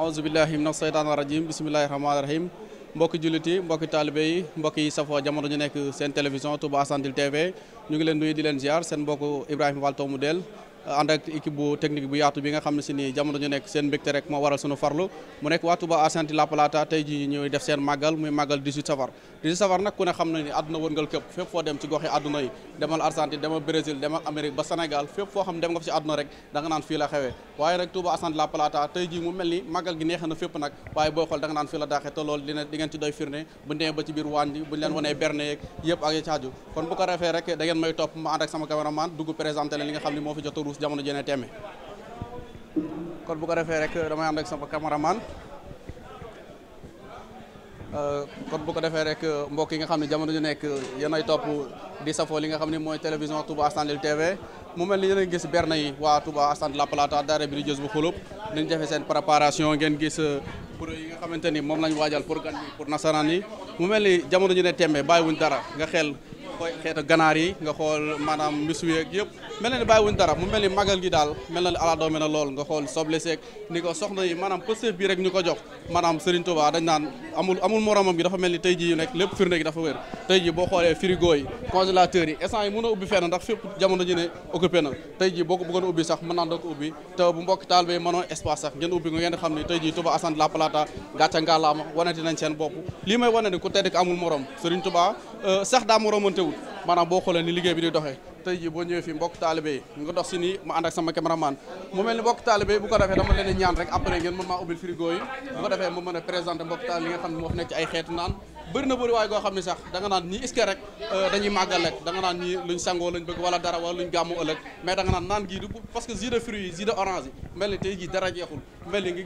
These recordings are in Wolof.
aousubillahi mina seytaan rajim bisimilahi rahmaani rahim mbokki jullit yi mbokki taalibe yi mbokk yi safoo jamono ñu nekk seen télévision Touba Argentine TV ñu ngi leen nuyu di leen ziar seen mbokk Ibrahima Fall Tomou Del ànd ak équipe bu technique bu yaatu bi nga xam ne si ni jamono ñu nekk seen mbégte rek moo waral sunu farlu mu nekk waa Touba Argentine La tey ji ñuy mel ni màggal gi neexee na fépp nag waaye boo xool da naan fii la daaxee te loolu dina ci doy firnde bu ndee ba ci biir waan bi leen wanee berne yëpp ak ya caaju kon bu ko refee rek da may topp ma ànd ak sama cameraman dugg présenté li nga xam ne moo fi jot jamono jëne teme kon bu ko defee rek damay ànd ak sama cameraman euh, kon bu ko defee rek euh, mbokk yi nga xam ne jamono ju nekk euh, yéen ay topp di safoo li nga xam ne mooy télévision Touba Argentine TV mu mel ni yéen a gis berne yi waa Touba Argentine La Plata bi di jës bu xulub nañ defee seen préparation ngeen gis pour yi nga xamante ni moom lañ waajal pour gan pour nasaraan yi mu mel ni jamono ju ne tembe bàyyiwuñ dara nga xel xeetu ganaar yi nga xool maanaam mbisu yeeg yëpp mel na ni bàyyiwuñ dara mu mel ni magal gi daal mel na lool nga xool soble seeg ni ko soxna yi maanaam pëseef bi rek ñu ko jox maanaam Serigne Touba dañ naan amul amul gi dafa mel ni tey jii nekk boo xoolee frigo a na ubbi sax mën naan doo ubbi te bu mbokk taal bay mënoon espace sax ngeen ubbi ko ngeen xam ni tey jii Touba Assane La Plata gàcca ngalaama wanati nañ seen bopp lii may wane ku tedd wut maanaam boo xoolee ni liggéey bi di doxee tey jii boo mbokk taalibe nga dox si nii ma ànd sama caméraman mu mel ni mbokk taalibe yi bu ko dama leen ñaan rek après ngeen mën maa ubbil frigo yi bu ma mën a mbokk taalibe yi xam ne moo fi nekk ci naan bëri na bëri waaye goo xam ne sax da nga naan ñii iske rek euh, dañuy màggal rek da nga naan ñii luñ sangoo lañ bëgg wala dara wala luñ gàmmu ëllëg mais da nga naan naan gii du parce que jus de yi jus orange yi mel ni tey jii dara jeexul mel ni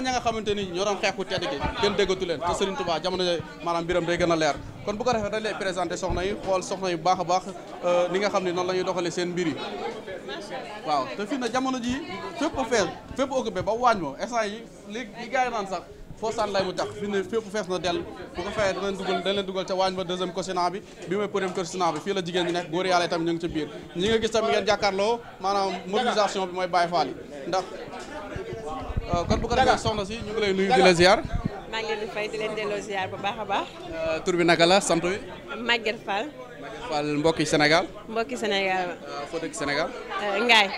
nga xamante ni ñoo doon xeex tedd gi kenn déggatu leen te Serigne Touba jamono yooyu maanaam mbiram day gën a leer kon bu ko defee dañ lay présenté soxna yi xool soxna yu baax a baax li euh, nga xam ne noonu la seen mbir yi na jamono ji fépp a fees fépp occupé ba sax foo saan lay mu tax fi ne fépp fees na dell bu ko fayee danañ dugal danañ leen dugal ca waañ ba deuxième cosinan bi bi mooy premier cosinan bi fii la jigéen ñi nekk góor yàlla itam ñu ngi ca biir ndax euh, kon bu ko defee soxna si ñu ngi lay nuyu la ziar maa ngi leen di fay di delloo ziar bu baax a baax euh, tur bi naka la sant wi Maguette Fall Maguette Fall mbokki Sénégal mbokki Sénégal euh, foo dëkk Sénégal Ngaay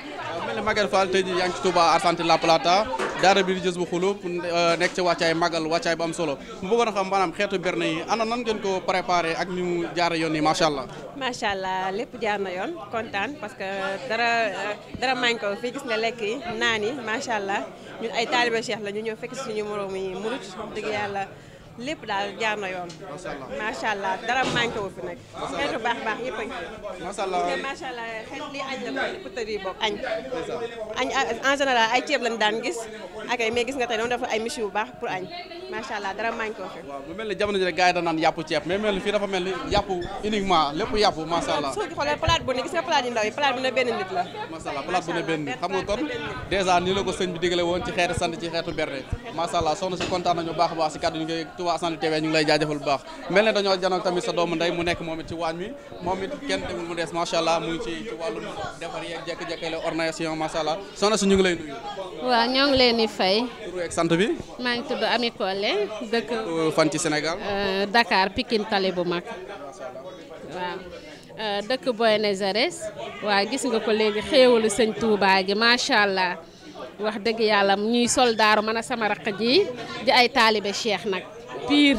mel ne Maguette Fall tey jii yaa ngi ci La Plata daara bi di jës bu xulub uh, nekk ci wàccaay màggal wàccaay bu am solo bu bëggoon a xam maanaam xeetu berne yi ana nan ngeen ko préparé ak ni mu jaara yoon yi macha allah. macha allah lépp jaar na yoon kontaan parce que dara dara manqué ko fii gis na lekk yi naan yi macha allah ñu ay taaliba cheikh la ñu ñëw fekk suñu moroom yi murut dëgg yàlla. lépp daal jaar na yoon. macha allah dara manqué wu fi nag. xeetu a ngi fi. allah macha allah xeet lii añ la ko pëtëri boobu añ. añ en général ay ceeb lañ daan gis ak ay mais gis nga tey noonu dafa ay michu baax pour añ macha allah dara manqué wu fi. waaw mel ni jamono ji rek gars yi da naan yàpp ceeb mais mel ni fii dafa mel ni yàpp uniquement lépp yàpp macha allah. soo xoolee palaat bu ne gis nga palaat bu ne benn nit la. macha allah palaat bu ne benn nit xam nga kon dèjà nii la woon ci xeetu sant ci xeetu berde macha allah soxna si baax a baax si Touba Argentine TV ñu ngi lay jaajëfal bu sa doomu ndey mu nekk moom it ci waañ moom it mu des macha allah mu ngi la ornation macha allah soxna ñu ngi lay nuyu. waaw ñoo sant bi. maa ngi tudd Ami Collé dëkk. fan ci Sénégal. Euh, Dakar Pikine Tali bu mag waaw. Euh, dëkk Buenos waa waaw gis nga ko léegi xéewalu sëñ Touba gi macha allah wax dëgg yàlla ñuy soldaaru man a sama raq ji di ay taalibe cheikh nag piir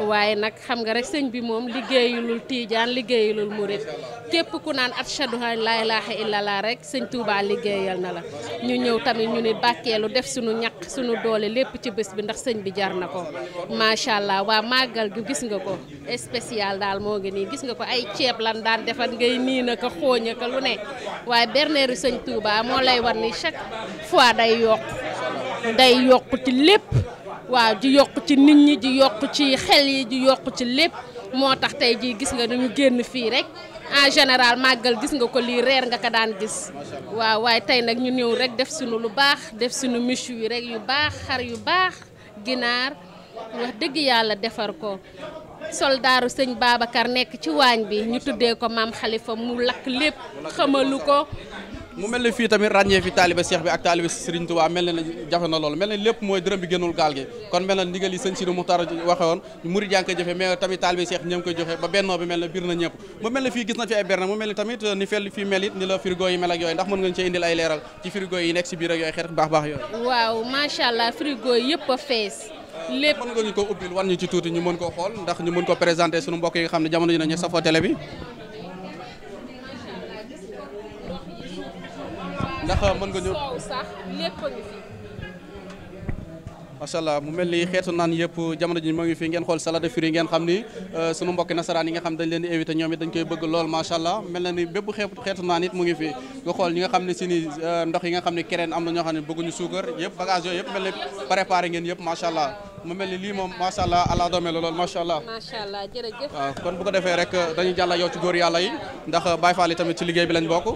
waaye nag xam nga rek sëñ bi moom liggéeyulul tiijaan liggéeyulul murit képp ku naan ashhadu an laa ilaaha illallah rek sëñ Touba liggéeyal na la ñu ñëw tamit ñu ni lu def suñu ñaq suñu doole lépp ci bés bi ndax sëñ bi jar na ko macha waa màggal gi gis nga ko spécial daal moo ngi nii gis nga ko ay ceeb lan daan defar ngay nii na ko xooñ ko lu ne waaye berneeru sëñ Touba moo lay war ni chaque fois day yokk day yokk ci lépp waaw ji yokk ci nit ñi di yokk ci xel yi ji yokk ci lépp moo tax tey jii gis nga dañu génn fii rek en général màggal gis nga ko lii reer nga ko daan gis waaw waaye tey nag ñu néew rek def suñu lu baax def suñu michu yi rekk yu baax xar yu baax ginaar wax dëgg yàlla defar ko soldaaru sëñ baabakar nekk ci waañ bi ñu tuddee ko maam Khalifa mu lakk lépp xamalu ko mu mel ne fii tamit ràññee fi taalibe Cheikh bi ak taalibe Serigne Touba mel ne jafe na loolu mel ne lépp mooy dërëm bi gënul gaal gi kon mel na ndigal yi sëñ Sidi Muxtaar waxe woon joxe it ni la frigo yi mel ay leeral ci frigo yi nekk si biir ak yooyu xeet waaw macha allah frigo yëpp a fees lépp mën nga ñu ko ubbil wan ñu ci tuuti ñu mën ko xool ndax ñu mën ko présenté suñu mbokk yi nga xam ne jamono ji nañu safoo télé bi ndax mën nga ñu soow sax allah mu mel ni xeetu naan yëpp jamono ji moo ngi fi ngeen xool salade de fruits ngeen xam ni euh, sunu mbokki nasaraan yi nga xam dañ leen di invité ñoom it dañ koy bëgg lool macha allah mel na ni bépp xeetu naan it mu ngi fi nga xool ñi nga xam ne si ni euh, ndox yi nga xam ne keneen am na ñoo xam ne bëgguñu suukar yëpp bagage yooyu yëpp mel ni préparé ngeen yëpp macha allah mu mel ni lii moom macha allah ala doome la lool macha allah. macha allah kon bu ko defee rek dañuy jàll ci góor yàlla yi ndax Baye Fall yi tamit liggéey bi lañ bokk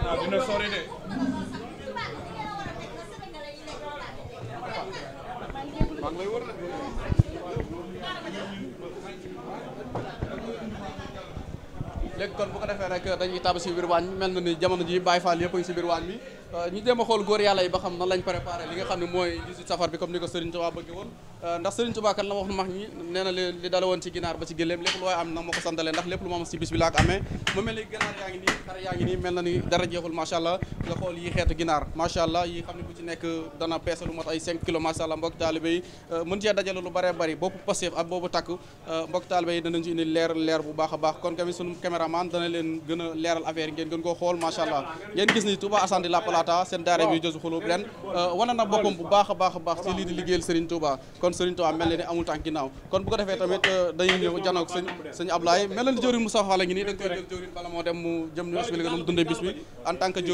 dina sori de. léegi kon bu ko defee rek dañuy tàbb si biir waañ mel na ni jamono ji Baay Faal yëpp a ngi si biir waañ bi. Euh, ñu dem a xool góor yàlla yi ba xam nan lañ préparé li nga xam ne mooy 18 safar bi comme ni ko Serigne Touba bëgg woon euh, ndax Serigne Touba la wax nu mag ñi nee li dala woon ci ginaar ba ci gëléem lépp lu waaye am na ma ko santalee ndax lépp lu ma am ci bis amee mu mel ni ginaar yaa ngi nii xar yaa ngi nii mel na ni dara jeexul macha allah nga xool yi xeetu ginaar macha allah yi xam ne bu ci nekk dana peese lu mat ay 5 kilos macha allah mbokk taalibe yi euh, mën cee dajale lu bëree bëri boppu Pastef ak boobu takk euh, mbokk taalibe yi danañ ci leer leer bu baax a baax kon kami sunu caméraman dana leen gën a leeral affaire ngeen gën koo xool macha allah ngeen gis ni Touba Argentine La Plata seen daara bi josu xulub ren euh, wane na boppam bu baax a baax a baax ci lii di liggéeyal Serigne Touba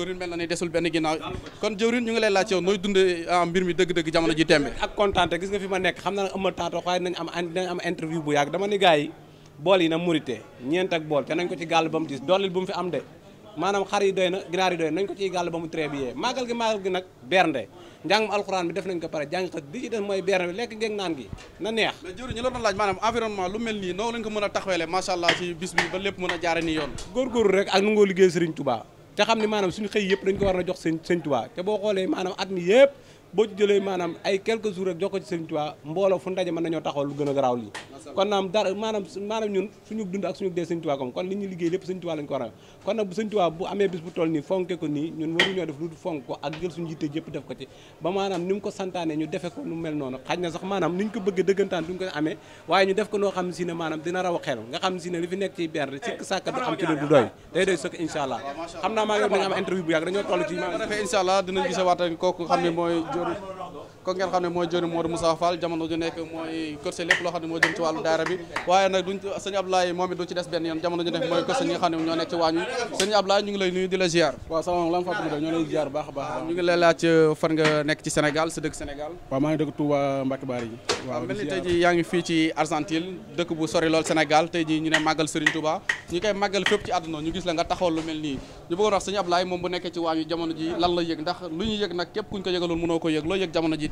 kon ne desul benn ginnaaw kon jëwrin ñu ngi lay laaj yow nooy dundee ah, mbir mi dëgg-dëgg jamono ji tembe ak kontaan gis nga fi ma nekk xam na ëmma taatoo waaye nañ am am interview bu yàgg dama ni gars yi bool yi na murite ñeent ak bool te nañ ko ci gàll ba mu diis dooleel bu mu fi am de maanaam xar yi doy na ginaar yi doy nañ ko ba mu trébiyee màggal gi màggal gi alxuraan bi def nañ ko pare jàng xët di ci def mooy bernde bi lekk ngeeg naan gi na neex mais jëwriñ ñu la doon laaj maanaam environnement lu mel a taxawele macha allah ci bis bi ba lépp mën a jaare te xam ne maanaam suñu xëy yëpp dañ ko war a jox sëñ sëñ Tuubaa te boo xoolee maanaam at mi boo ci jëlee maanaam ay quelques jours rek jox ko ci Serigne mbooloo fu ndaje mën nañoo taxawal lu gën a garaaw lii kon naam dara maanaam ñun suñu dund ak suñu dee Serigne kon li ñu liggéey lépp Serigne Touba ko ko jël suñu yitte jëpp def ko ci ba maanaam ni mu ko santaane ñu defe ko nu mel noonu xaj na sax maanaam ni am ci du doy day xam ne mooy majorité ko ngeen xam ne mooy jëriñ Modou Moussa Fall jamono ju nekk mooy kërse lépp loo xam ne moo jëm ci wàllu daara bi waaye nag duñ sëñ Abdoulaye moom it du ci des benn yoon a ñu ngi lay laaj euh, fan nga nekk bu nekkee ci waañu jamono ji lan la yëg ndax lu ñu yëg nag képp kuñ ko yëgaloon mënoo ko yëg loo yëg jamono ji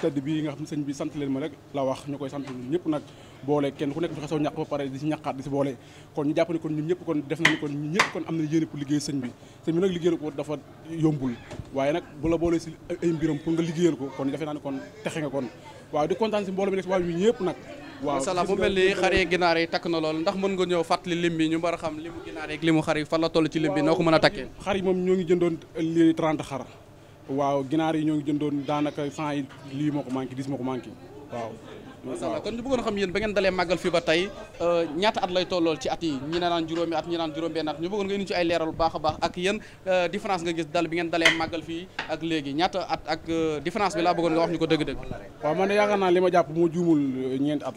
tedd bii nga xam sëñ bi sant leen ma rek la wax ñu koy sant ñun ñëpp nag boole kenn ku nekk joxe saw ñàq ba pare di si ñàqaat di si boole kon ñu jàpp ko dafa yombul waaye nag bu la boolee si ay mbiram pour ko kon defe naa ne kon texe nga kon waaw di kontaan si mbooloo mi nekk si ñu ñëpp nag waaw masala bu mel ni xar yi ginaar yi takk na loolu ndax mën nga ñëw fàttali lim bi ñu mën a xam limu ginaar yi ak limu xar yi fan la toll ci lim bi noo ko mën a takkee xar yi moom ñoo ngi jëndoon li 30 xar waaw ginaar yi ñoo ngi jëndoon daanaka cent yi lii moo ko manqué dix moo ko manqué waaw. kon ñu bëggoon xam yéen ba ngeen dalee màggal fii ba tey euh, ñaata at lay tollool ci at yi ñi ne naan juróomi at ñi naan juróom-benn at ñu bëggoon nga indi ci ay leeral baax a baax ak yéen euh, différence nga gis dal bi ngeen dalee màggal fii ak léegi ñaata at ak euh, différence bi laa bëggoon nga wax ñu ko dëgg-dëgg waaw man de yaakaar li ma jàpp moo juumul ñeent at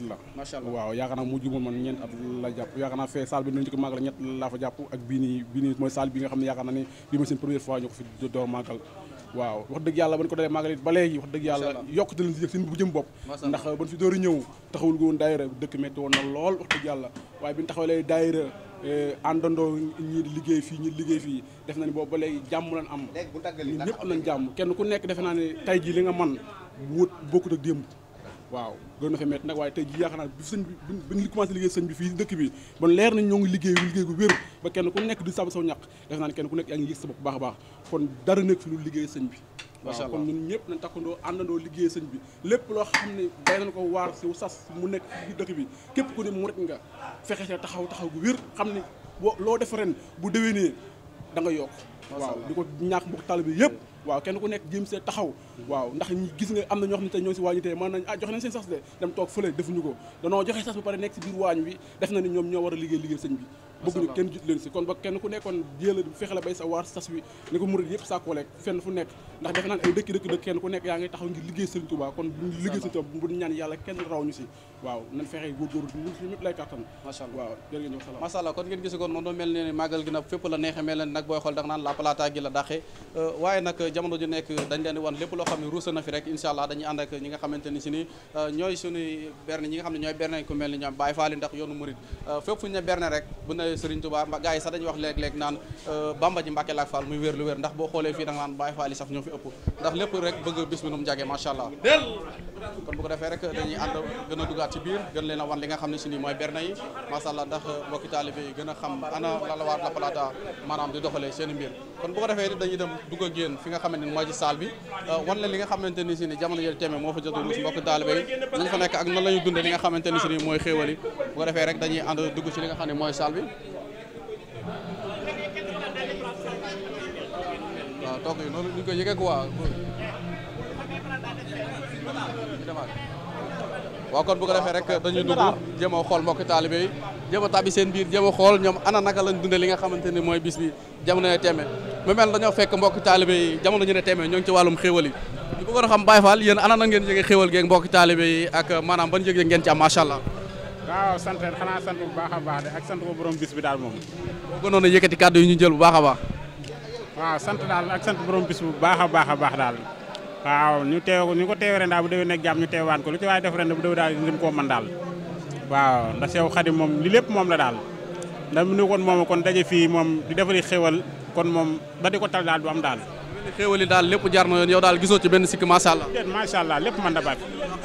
waaw wax dëgg yàlla ban ko dalee màggal ba léegi wax dëgg yàlla yokkute lañ si jëf seen bu jëm bopp ndax ban fi door a ñëw taxawul ko woon daayira dëkk metti woon na lool wax dëgg yàlla waaye bi ñu taxawalee daayira eh, àndandoo ñii liggéey fii ñii di liggéey fii def na ni boobu ba léegi jàmm lañ am ñun ñëpp am nañ jàmm kenn ku nekk defe naa ne tey jii li nga man wut bokkut ak démb waaw gën na fa métti nag waaye tey ji yaakaar naa bi sëñ bi bi ñu commencé liggéey sëñ bi fii dëkk bi bon leer nañ ñoo ngi liggéey liggéey gu wér ba kenn ku nekk di sàmm saw ñàq def naa ne kenn ku nekk yaa ngi yëg a baax kon dara nekk liggéey sëñ bi waaw kon ñëpp nañ takkandoo àndandoo liggéey sëñ bi lépp loo xam ne bay nañ ko waar si sas mu nekk dëkk bi képp ku ne mu rek nga fexe see taxaw taxaw gu wér xam ne loo def ren bu déwénee da nga yokk waaw di ko ñaax mbokk taalibe bi yëpp waaw kenn ku nekk jéem see taxaw waaw ndax gis nga am na ñoo xam ne tey ñoo si waañu tey mën ah, kenn ku nekkoon jéla fexe la bay sa waar nekk ndax defe naan ay kenn ku nekk yaa ngi taxaw ngir liggéey sëñ Tuubaa kon buñ liggéey sëñ Tuubaa buñ ñaan yàlla kenn raw ñu si gi nag fépp la neexe mel nag booy xool da naan la plata gi la daxe euh, waaye nag jamono ju nekk dañ leen di wan lépp loo xam ne ruusa fi rek incha allah ànd ak ñi nga xamante ni si ni euh, ñooy suñuy berne ñooy berne ku mel ni ñoom Baye Fall ndax yoonu murid euh, fépp fu ñu ne berne rek bu ne Serigne Touba gars sax dañuy wax léeg naan euh, Bamba ji Mbàkke laak Fall muy wér lu wér ndax boo xoolee fii da naan Baye Fall saf ñoo fi ëpp ndax lépp rek bëgg bis mi nu a a ndax mbokki taalibe gën a xam ana la la waat la di doxalee seen mbir kon bu ko wan li nga xamante ni si ni jamono jël teeme moo fa jot a mbokk taalibe yi nañ fa nekk ak nan la ñu dundee li nga xamante ni si ni mooy xéewal yi bu defee rek dañuy ànd dugg ci li nga xam ne mooy salle bi waaw toog yi ko yëgee kon bu ko defee rek dañuy dugg jéem a xool mbokk taalibe yi jéem a tàbbi seen biir jéem a xool ñoom ana naka lañ dundee nga xamante ni mooy bis bi jamono ne teemee mu mel fekk mbokki taalibe yi jamono ñu ne teemee ñoo ngi ñu bëggoon a xam Baye Fall yéen ana na ngeen yëgee xéwal geeg mbokki taalibe yi ak maanaam ban yëg ngeen ci am macha allah waaw sant xanaa sant bu baax a baax de ak sant ko borom bis bi daal moom boo gënoon a yëkkati kàddu yi ñu jël bu baax a baax waaw sant daal ak sant borom bis bu baax a baax a baax daal waaw ñu teew ñu ko teew ren daal daal waaw ndax Seex Xaadim moom li lépp moom la daal ndax mu ne kon moom kon daje fii moom di defari xéwal kon moom ba di ko tal daal du am daal xéwal yi daal lépp jaar yoon yow daal gisoo ci benn sikk macha lépp man da baat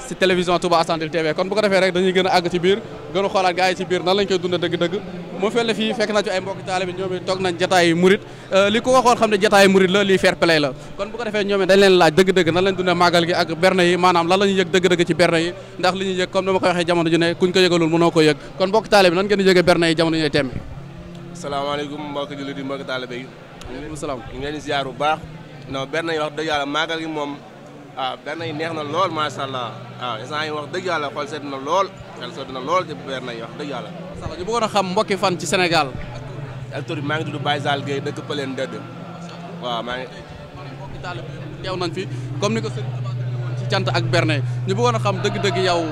si télévision Touba Argentine TV kon bu ko defee rek dañuy gën a àgg ci biir gën a xoolaat gaa yi ci biir nan lañ koy dundee dëgg-dëgg moo felle fi fekk naa ci ay mbokk taalibe ñoom it toog nañ jataayu murit euh, li ko waxoon xam ne jataayu murit la lii fair play la kon bu ko defee ñoom it dañ leen laaj dëgg-dëgg nan lañ dundee màggal gi ak berne yi maanaam lan la ñuy yëg dëgg-dëgg ci berne yi ndax li ñuy yëg comme dama koy waxee jamono ju ne kuñ ko yëgalul mënoo ko yëg kon mbokk taalibe nan ngeen di yëgee berne yi jamono ñooy tembe salaamaaleykum mbokk aleykum salaam ñu di ziar bu baax non berne yi wax dëgg yàlla gi moom waaw ah, berne yi neex na lool macha allah waaw instant yi wax yàlla xool sedd na lool xel sedd na lool ci berne yi wax yàlla allah ñu bëggoon a xam mbokki fan ci senegal ak tur bi maa ngi tudd Baye Sall Gueye dëkk Pëleen Dëdd. waaw maa ngi. mbokki taal bi teew a xam dëgg-dëgg yow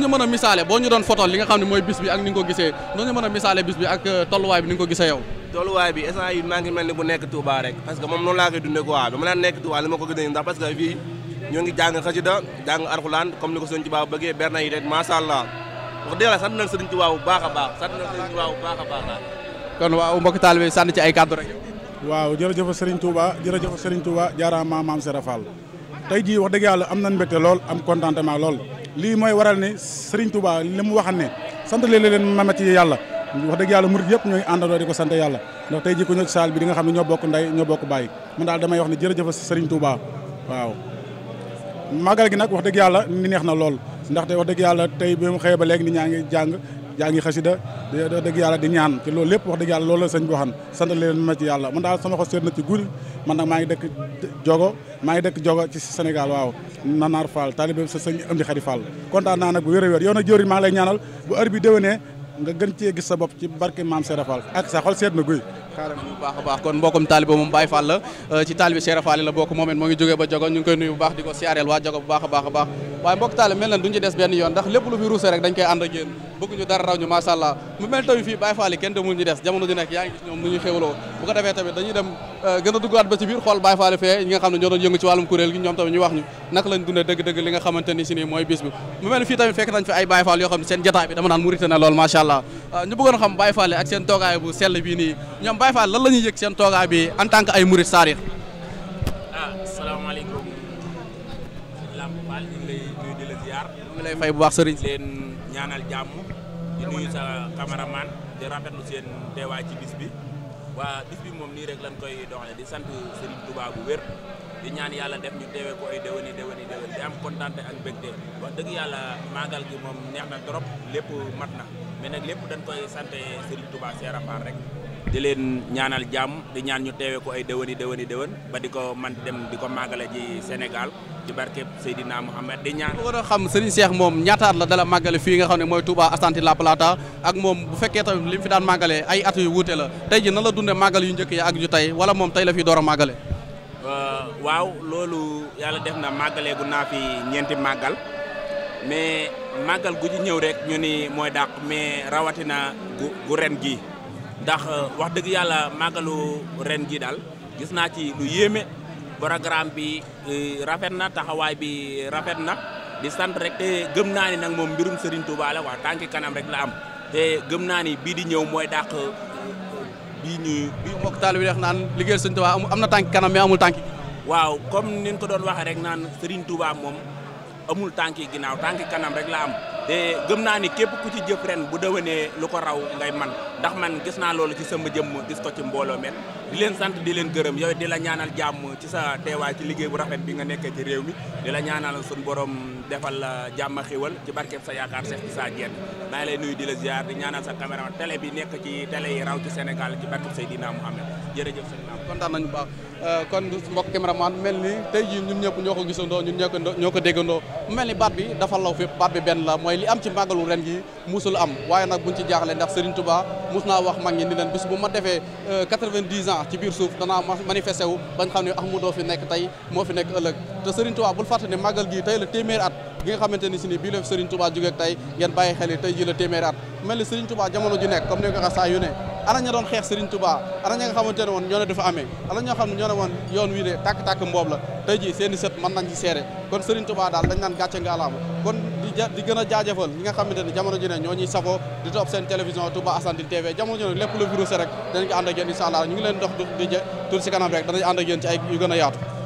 ñu mën a misaale boo ñu doon photo li nga xam ne mooy bis bi ak ni ko gisee noo ñu mën a misaale bis bi ak euh, tolluwaay bi ni nga ko gisee yow. tolluwaay bi instant yi maa ngi mel ni bu nekk Touba rek parce que moom noonu laa koy dundee quoi dama naan nekk Touba li ma ko gën a ndax parce que fii ñoo ngi jàng xasida comme ni ko sëñ Tuubaa bëggee berne yi rek wax dëgg yàlla sant nañ sëriñ Tuubaa bu baax a baax sëriñ Tuubaa bu baax a baax kon waaw mbokk taalibe bi sànni ci ay kàddu waaw jërëjëf sëriñ Touba jërëjëf sëriñ Touba jaaraama maam Serap Fall tey jii wax dëgg yàlla am na mbégte lool am contentement lool lii mooy waral ne sëriñ Touba li mu waxan ne sant leen leen mamet yi yàlla wax dëgg yàlla murid yëpp ñooy àndandoo di ko sant yàlla ndax tey jii ko ñëw ci saal bi di nga xam ne ñoo bokk nday ñoo bokk bàyyi man daal damay wax ne jërëjëf sëriñ Touba waaw màggal gi nag wax dëgg yàlla ni neex na lool ndaxte wax dëgg yàlla tey bi mu xëyee ba léegi ni ñaa ngi jàng jaa ngi xasida di wax dëgg yàlla di ñaan te loolu lépp wax dëgg yàlla loolu la sëñ bi waxan sant leen ma ci yàlla man daal sama xol seet na ci guddi man nag maa ngi dëkk jogo maa ngi dëkk jogo ci senegal waaw Nanaar Fall taalibe sa sëñ Amdi Xadi Fall kontaan naa nag bu wér a wér yow nag jëwriñ maa ngi lay ñaanal bu heure bi déwénee nga gën cee gis sa bopp ci barke maam Seera Fall ak sa xol seet na guy carrément bu baax a baax kon mbokkum taaliba moom Baye Fall la euh, ci taalibi Cheikh Fall la bokk moom moo ngi jógee ba jogo ñu ngi koy nuyu bu baax di ko siyaareel waa jogo bu baax a baax a baax waaye mbokk taaliba mel na duñu ci yoon ndax lépp lu fi ruuse rek dañ koy ànd ak bëgguñu dara raw ñu macha allah mu mel tamit fii Baye Fall kenn demul ñu des jamono ji nekk yaa ngi gis ñoom nu ñuy xéwloo bu ko defee tamit dañuy dem euh, gën a duggaat ba ci biir xool Baye Fall fee nga xam ne ñoo doon yëngu ci wàllum kuréel gi ñoom tamit ñu wax ñu naka lañ dundee dëgg-dëgg li nga xamante si nii mooy bis bi mu mel fii tamit fekk nañ fi ay Baye Fall yoo xam seen jotaay bi dama naan murite na lool macha allah euh, ñu bëggoon xam Baye Fall yi ak en tant que ay murit saarix ah, salaamaaleykum Lamp Fall ñu ñaanal jàmm di nuyu sa cameraman di rafetlu seen teewaay ci bis bi waa bis bi moom nii rek lañ koy doxale di sant Serigne Touba bu wér di ñaan yàlla def ñu teewee ko ay déwéni déwéni déwén di am kontante ak mbégte wax dëgg yàlla màggal gi moom neex na trop lépp mat na mais lépp dañ koy sant Serigne Touba Serapal rek di leen ñaanal jàmm di ñaan ñu teewee ko ay déwéni déwéni déwén ba di ko man dem di ko màggale ji Sénégal ci barkeb Seydina Mouhamed di ñaan. war a xam Serigne Cheikh moom ñaataat la dala màggale fii nga xam ne mooy Touba Argentine La Plata ak moom bu fekkee tamit li fi daan màggalee ay at yu wute la tey ji nan dunde dundee màggal yu njëkk yi ak ju tey wala moom tey la fi door a màggale. Euh, waaw loolu yàlla def na màggalee gu naa ñeenti màggal mais màggal gu ci ñëw rek ñu ni mooy dàq mais rawatina gi ndax euh, wax dëgg yàlla màggalu ren gi daal gis naa ci lu yéeme programme bi euh, rafet na taxawaay bi rafet na di sant rek te gëm naa ni nag moom mbirum sëriñ Touba la wax tànki kanam rek la am te gëm naa ni bii di ñëw mooy dàq euh, bii ñuy. bii mbokk taal bi wax naan liggéeyal Serigne Touba am na tànki kanam mais amul tànki. waaw comme ni ko doon waxee rek naan Serigne Touba moom. amul tànki ginnaaw tànki kanam rek la am te gëm naa ni képp ku ci jëf ren bu déwénee lu ko raw ngay man ndax man gis naa loolu ci sama jëmm gis ko ci mbooloo met di leen sant di leen gërëm yow di la ñaanal jàmm ci sa teewaay ci liggéey bu rafet bi nga nekkee ci réew mi di la ñaanal suñu borom defal la jàmm xiwal ci barkeb sa yaakaar Cheikh Issa Diène maa ngi lay nuyu di la ziar di ñaanal sa caméraman télé bi nekk ci télé yi raw ci Sénégal ci barkeb Seydina Mouhamed jërëjëf sëñ Naam kontaan nañu baax euh, kon mbokk cameraman mel ni tey ji ñun ñëpp ñoo ko gisandoo ñun ñoo ko ñoo ko déggandoo mel ni baat bi dafa law fépp baat bi benn la mooy li am ci màggalu ren gi musul am waaye nag buñ ci jaaxle ndax Serigne Touba mus naa wax mag ñi ni leen bis bu ma defee 90 euh, ans ci biir suuf danaa manifesté wu bañ xam ne Ahmadou fi nekk tey moo fi nekk ëllëg te Serigne Touba bul fàtte ne màggal gi tey la téeméer at nga xamante ni si ni bii la fi Serigne Touba jógeeg tey ngeen bàyyi xel mel ni Serigne Touba jamono ju nekk comme ni saa ne ana ña doon xeex Serigne Touba ana ña nga xamante ne woon ñoo ne dafa amee ana ñoo xam ne ñoo ne woon yoon wii de tàkk mboob la tey jii seen i sët mën nañ ci seere kon Serigne Touba daal dañ naan gàcce nga alaama kon di gën a jaajëfal ñi nga xamante ne jamono ji ne ñoo ñuy safoo di topp seen télévision Touba Argentine TV jamono ji ne lépp la virus rek danañ ko ànd ak yéen incha ngi leen dox di je tur si kanam rek danañ ànd yu gën a yaatu